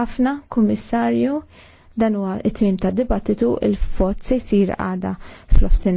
ħafna, Kummissarju, dan huwa it-tmim tad-dibattitu il-fot se jsir għada fl-ostin.